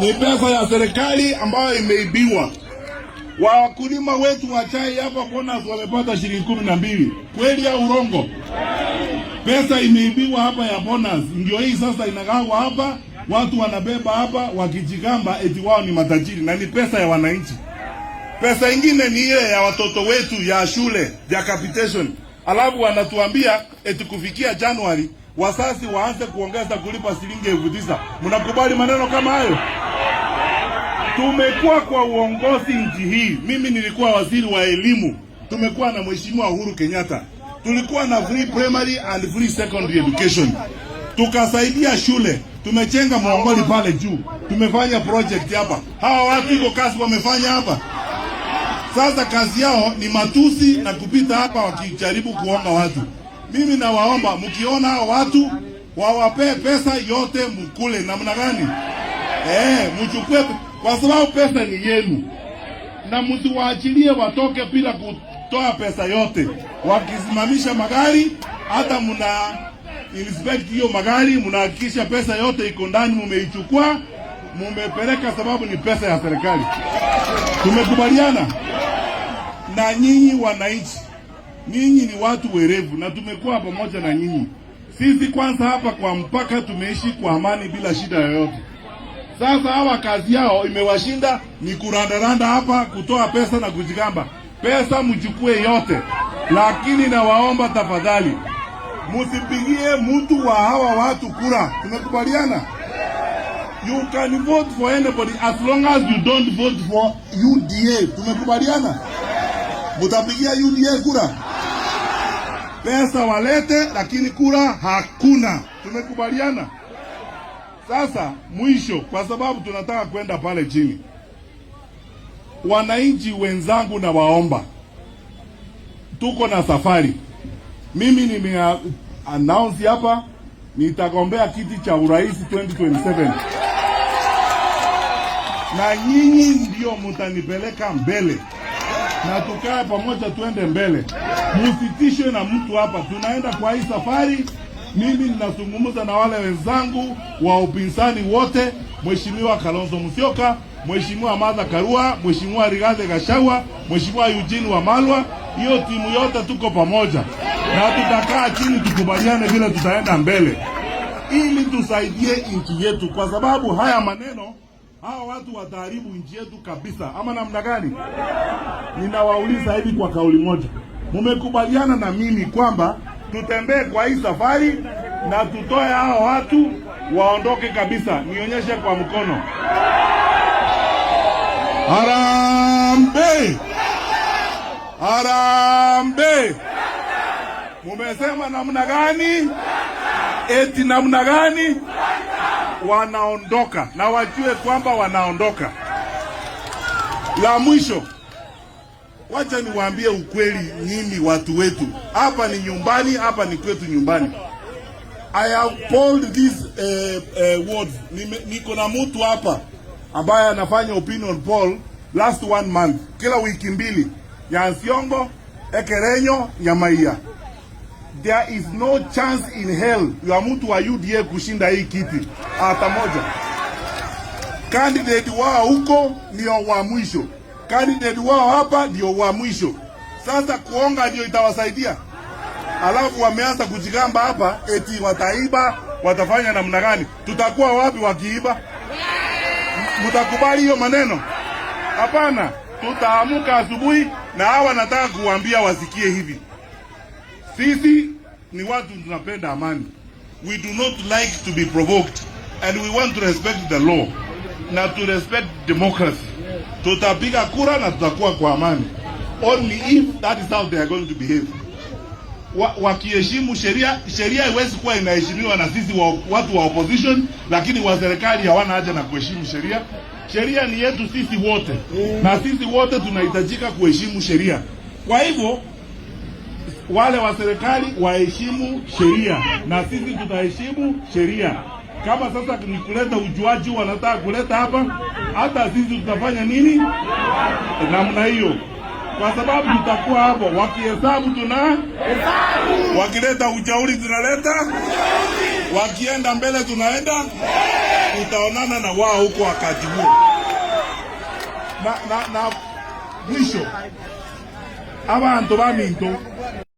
ni pesa ya serikali ambayo imeibiwa. Wakulima wetu wa chai hapa bonus wamepata shilingi kumi na mbili, kweli au urongo? Pesa imeibiwa hapa ya bonus, ndio hii sasa inagawa hapa, watu wanabeba hapa wakijigamba eti wao ni matajiri, na ni pesa ya wananchi. Pesa ingine ni ile ya watoto wetu ya shule ya capitation, alafu wanatuambia eti kufikia Januari wasasi waanze kuongeza kulipa shilingi elfu tisa. Mnakubali maneno kama hayo? Tumekuwa kwa uongozi nchi hii, mimi nilikuwa waziri wa elimu, tumekuwa na mheshimiwa Uhuru Kenyatta, tulikuwa na free primary and free secondary education, tukasaidia shule, tumechenga Mwongoli pale juu, tumefanya project hapa. Hawa watu iko kazi wamefanya hapa. Sasa kazi yao ni matusi na kupita hapa wakijaribu kuonga watu. Mimi nawaomba mkiona hao watu wawapee pesa yote, mkule namna gani? Eh, mchukue kwa sababu pesa ni yenu, na msiwaachilie watoke bila kutoa pesa yote. Wakisimamisha magari, hata mna inspect hiyo magari, mnahakikisha pesa yote iko ndani, mumeichukua mumepeleka, sababu ni pesa ya serikali. Tumekubaliana na nyinyi wananchi. Nyinyi ni watu werevu na tumekuwa pamoja na nyinyi. Sisi kwanza hapa kwa mpaka tumeishi kwa amani bila shida yoyote. Sasa hawa kazi yao imewashinda ni kurandaranda hapa, kutoa pesa na kujigamba. Pesa mchukue yote, lakini nawaomba tafadhali musipigie mtu wa hawa watu kura. Tumekubaliana? You can vote for anybody as long as you don't vote for UDA. Tumekubaliana? Mutapigia UDA kura? pesa walete, lakini kura hakuna. Tumekubaliana sasa. Mwisho, kwa sababu tunataka kwenda pale chini, wananchi wenzangu, na waomba, tuko na safari. Mimi nime announce hapa nitagombea kiti cha urais 2027 na nyinyi ndio mtanipeleka mbele na tukae pamoja, tuende mbele, musitishwe na mtu hapa. Tunaenda kwa hii safari, mimi ninazungumza na wale wenzangu wa upinzani wote, Mheshimiwa Kalonzo Musyoka, Mheshimiwa Martha Karua, Mheshimiwa Rigathi Gachagua, Mheshimiwa Eugene Wamalwa, hiyo timu yote tuko pamoja na tutakaa chini tukubaliane vile tutaenda mbele, ili tusaidie nchi yetu, kwa sababu haya maneno Hawa watu wataharibu nchi yetu kabisa, ama namna gani? Ninawauliza hivi kwa kauli moja, mumekubaliana na mimi kwamba tutembee kwa hii safari na tutoe hao watu waondoke kabisa? Nionyeshe kwa mkono. Arambe, arambe! Mumesema namna gani? Eti namna gani? wanaondoka na wajue kwamba wanaondoka. La mwisho, wacha niwaambie ukweli nyinyi watu wetu, hapa ni nyumbani, hapa ni kwetu nyumbani. I have pulled this uh, eh, uh, eh, words. Niko na mtu hapa ambaye anafanya opinion poll last one month, kila wiki mbili, ya Ansiongo, Ekerenyo, nyamaiya There is no chance in hell ya mtu wa UDA kushinda hii kiti hata moja. Candidate wao huko ndio wa mwisho, candidate wao hapa ndio wa mwisho. Sasa kuonga ndio itawasaidia? Alafu wameanza kujigamba hapa eti wataiba, watafanya namna gani? Tutakuwa wapi wakiiba? Mtakubali hiyo maneno? Hapana, tutaamuka asubuhi, na hawa nataka kuwaambia wasikie hivi. Sisi ni watu tunapenda amani, we do not like to be provoked and we want to respect the law na to respect democracy. Tutapiga kura na tutakuwa kwa amani only if that is how they are going to behave. Wakiheshimu sheria, sheria haiwezi kuwa inaheshimiwa na sisi wa, watu wa opposition, lakini wa serikali hawana haja na kuheshimu sheria. Sheria ni yetu sisi wote, na sisi wote tunahitajika kuheshimu sheria. Kwa hivyo wale wa serikali waheshimu sheria na sisi tutaheshimu sheria. Kama sasa ni kuleta ujuaji wanataka kuleta hapa, hata sisi tutafanya nini namna hiyo, kwa sababu tutakuwa hapo wakihesabu, tuna wakileta ujauri tunaleta, wakienda mbele tunaenda, tutaonana na wao huko wakati huo na, na, na mwisho abantu baminto